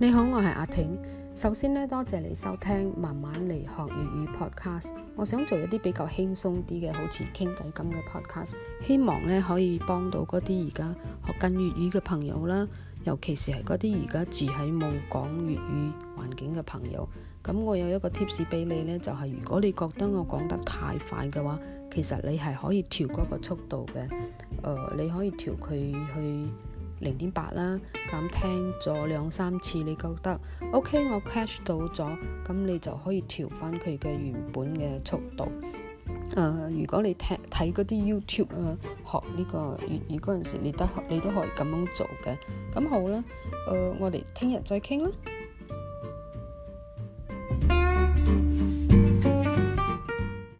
你好，我係阿挺。首先咧，多謝你收聽慢慢嚟學粵語 podcast。我想做一啲比較輕鬆啲嘅，好似傾偈咁嘅 podcast。希望咧可以幫到嗰啲而家學緊粵語嘅朋友啦，尤其是係嗰啲而家住喺冇講粵語環境嘅朋友。咁我有一個貼士俾你咧，就係如果你覺得我講得太快嘅話，其實你係可以調嗰個速度嘅。誒、呃，你可以調佢去。零點八啦，咁聽咗兩三次，你覺得 OK，我 catch 到咗，咁你就可以調翻佢嘅原本嘅速度。誒、呃，如果你聽睇嗰啲 YouTube 啊，學呢個粵語嗰陣時你都學，你都你都可以咁樣做嘅。咁好啦，誒、呃，我哋聽日再傾啦。